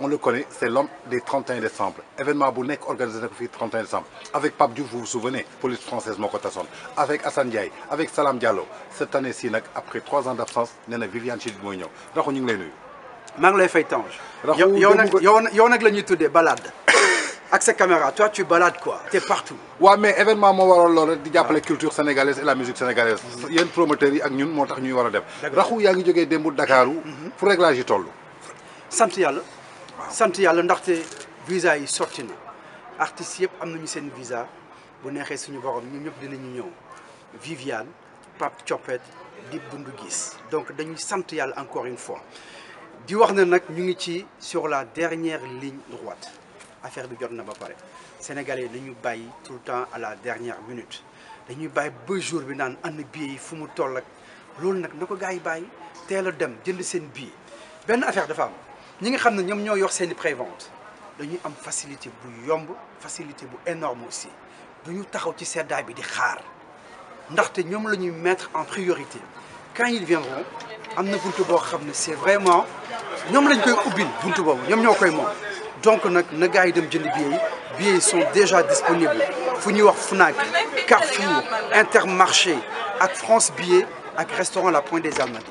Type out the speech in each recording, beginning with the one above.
on le connaît, c'est l'homme des 31 décembre. Événement bu organisé le 31 décembre. avec Pape Diouf vous vous souvenez police française moo avec Assane Diaye.. avec Salam Diallo cette année ci après trois ans d'absence.. nous Vivian Viviane Chidid mooy ñëw Rakhou ñu ngi lay nuyu. maa Nous lay fay Rakhou balade. Avec caméra toi tu balades quoi es partout. Oui mais événement moo waral y a di la ah. culture sénégalaise et la musique sénégalaise. une mhm. promoteurs yi ak ñun moo nous ñuy y a def. Rakhou yaa ngi jógee de Dakar. Mhm. fu sant yalla ndaxte visa yi sorti na artistes yëpp amna ñu seen visa bu nexé suñu borom ñun ñëpp dinañu ñëw Viviane pap Thiopet di bundu gis donc dañuy sant yalla encore une fois di wax na nak ñu ngi ci sur la dernière ligne droite affaire bi jot na ba paré sénégalais dañu bàyyi tout temps à la dernière minute dañuy bàyyi ba jour bi naan ànd billet yi fu mu toll ak loolu nag na ko gars yi dem jënd seen bi ben affaire dafa am nous nga une ne prévente dañuy am facilité bu yomb facilité énorme aussi Nous taxaw ci seddaay bi di xaar ndaxte mettre en priorité quand ils viendront nous na buntu boo xam c'est vraiment Nous lañ koy ubbil buntu boobu ñoom ñoo koy donc nous na gars dem billets billets sont déjà disponibles Nous avons wax Fnac Carrefour Intermarché ak France billets, ak restaurant La Pointe des Almadies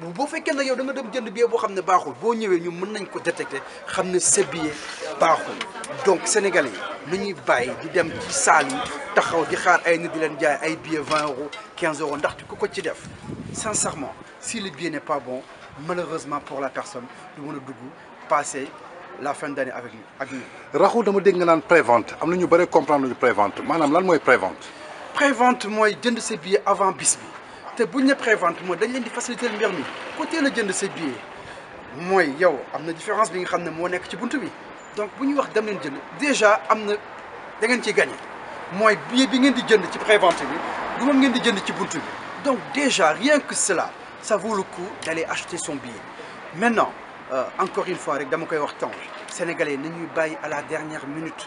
bu boo fekkee ne yow da nga dem jënd billet boo xam ne baaxul boo ñëwee ñu mën nañ ko détecter xam ne sa billet baaxul donc sénégalais yi ñuy bàyyi di dem ci saal yi taxaw di xaar ay nit di leen jaay ay billets 20 euros 15 euros ndaxte ku ko ci def sincèrement si le billet n'est pas bon malheureusement pour la personne du mën a dugg passé la fin d'année avec ñu ak ñu. Rakhou dama dégg nga naan prévente am na ñu comprendre lu prévente maanaam lan mooy prévente. prévente mooy jënd sa billet avant bis bi c'est bu ñu ne prévente mooy dañ leen faciliter le mi côté le a jënd ses billets mooy yow am différence bi nga xam ne moo ci donc si ñuy wax dem leen jënd déjà am na da ngeen ciy gagné mooy billet bi ngeen di jënd ci prévente bi du moom ngeen di jënd donc déjà rien que cela ça vaut le coup d'aller acheter son billet maintenant euh, encore une fois avec dama koy wax Sénégalais sénégalais nañuy bàyyi à la dernière minute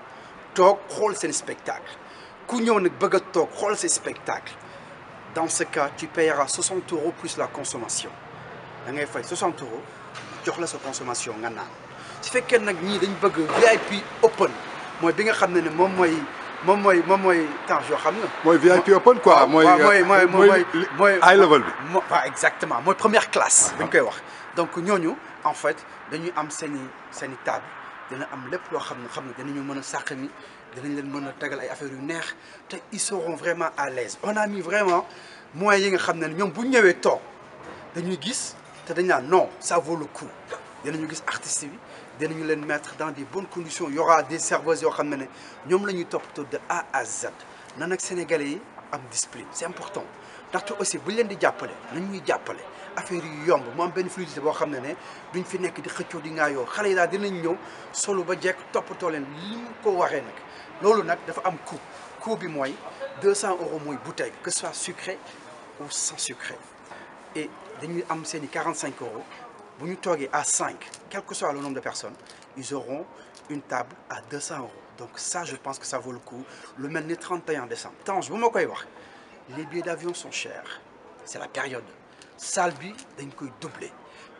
toog xool seen spectacle ku ñëw nag bëgg a toog xool spectacle dans ce cas tu paieras 60 euros plus la consommation da ngay fay 60 euros jox la sa consommation nga naan su fekkee nag ñii dañ bëgg VIP open mooy bi nga xam ne ne moom mooy moom mooy moom mooy temps yoo xam nga. mooy VIP open quoi. mooy mooy mooy mooy high level bi. mo exactement mooy première classe. dañ ah. koy wax donc ñooñu en fait dañuy am seen i table dina am lépp loo xam ne xam ne dinañu mën a sàq mi dinañ leen mën a tegal ay affaire yu neex te ils seront vraiment à l'aise on a mis vraiment moyen yi nga xam ne ñoom bu ñëwee toog dañuy gis te dañ naan non ça vaut le coup dinañu gis artistes yi dinañu leen mettre dans des bonnes conditions il y aura des serveuses yoo xam ne ne ñoom la ñuy toppatoo de A à Z nan ak sénégalais yi am discipline c'est important ndaxte aussi buñ leen di jàppale nañ ñuy jàppale affaire yu yomb mu am benn fluidité boo xam ne ne duñ fi nekk di xëccoo di ngaayoo xale yi daal dinañ ñëw solo ba jekk toppatoo leen li mu ko waxee nag loolu nag dafa am coût coût bi mooy 200 euros mooy bouteille que ce soit sucré ou sans sucré et dañuy am seen i 45 euros bu ñu toogee à 5 quel que soit le nombre de personnes ils auront une table à 200 euros donc ça je pense que ça vaut le coup Le même ni 31 décembre. Tange bu ma koy wax les billets d'avion sont chers c'est la période Salbi d'un coup doublé. doubler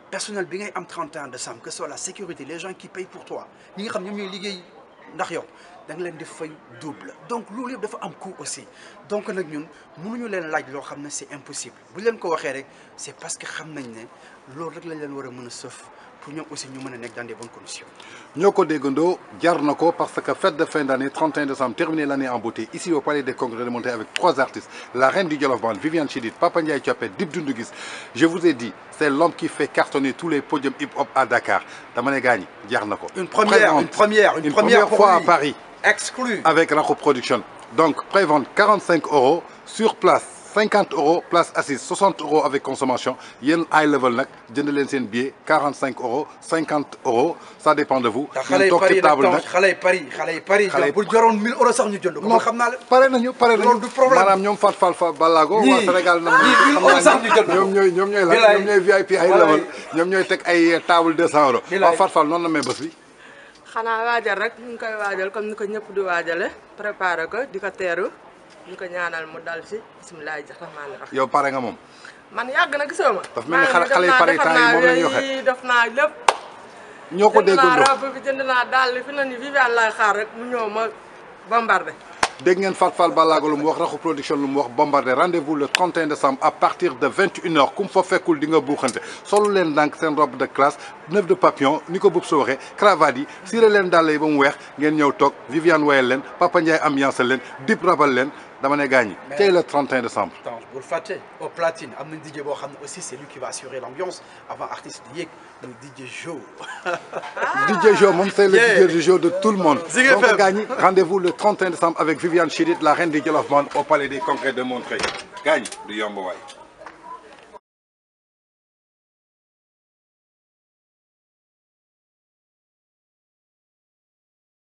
personnel bi 30 ans de décembre que ce soit la sécurité les gens qui payent pour toi ni nga xam les ndax double donc loolu ont dafa un coût aussi donc nous ñun c'est impossible bu vous ko c'est parce que vous ne loolu pour nous aussi nous dans des bonnes conditions. Nyoko Degondo, déggandoo parce que fête de fin d'année 31 décembre terminer l'année en beauté ici au palais des congrès de Montréal avec trois artistes la reine du Djolof Viviane Chidit, Papa Etiopé, Dip Dundugis. je vous ai dit c'est l'homme qui fait cartonner tous les podiums hip hop à Dakar dama gagne, gaañ une première une première une première fois à Paris. exclu avec la Production donc prévente 45 euros sur place. 50 euros place assise 60 euros avec consommation yéen high level nak jënd leen seen billet 45 euros 50 euros ça dépend de vous. ñu toog ci table nag xale yi pari xale pari xale yi 1000 euros sax ñu jënd ko. non xam naa la pare nañu pare nañu loolu du problème maanaam ñoom Fat Fall Fall Balago. waa Sénégal na ñom ñoy ñoom ñooy la ñom ñooy VIP high level ñom ñoy tek ay table 200 euros. wa Fat fal non la may bés bi. xana waajal rek ñu koy waajal comme ni ko ñëpp du waajale préparé ko diko téru ñu ko ñaanal mu dal ci bisimilah rahmaani rahim. yow pare nga moom. man yàgg na gisoo ma. daf mel ni xale yi pare temps yi moom la ñuy waxee naa lépp. ñoo ko déggandoo jënd naa robe bi jënd naa dàll fi na ni Viviane laay xaar rek mu ñëw ma bombardé. dégg ngeen Fat Fall Balago lu production lu bombardé rendez-vous le 31 décembre à partir de 21h ku mu fa fekkul di nga buuxante robe de classe neuf de papillon Nico ko Cravadi. Si waxee cravate yi siré leen dàll yi Viviane woyal Papa Ndiaye ambiance leen dip rabal leen dama ne C'est le 31 décembre au platine DJ aussi c'est lui qui va assurer l'ambiance avant artiste de yéeg DJ Joe. Ah. DJ Joe c'est le DJ Joe de tout le monde. Donc rendez-vous le 31 décembre avec Viviane Chirite, la reine de Djolof au palais des congrès de Montréal. Gagne, du yomb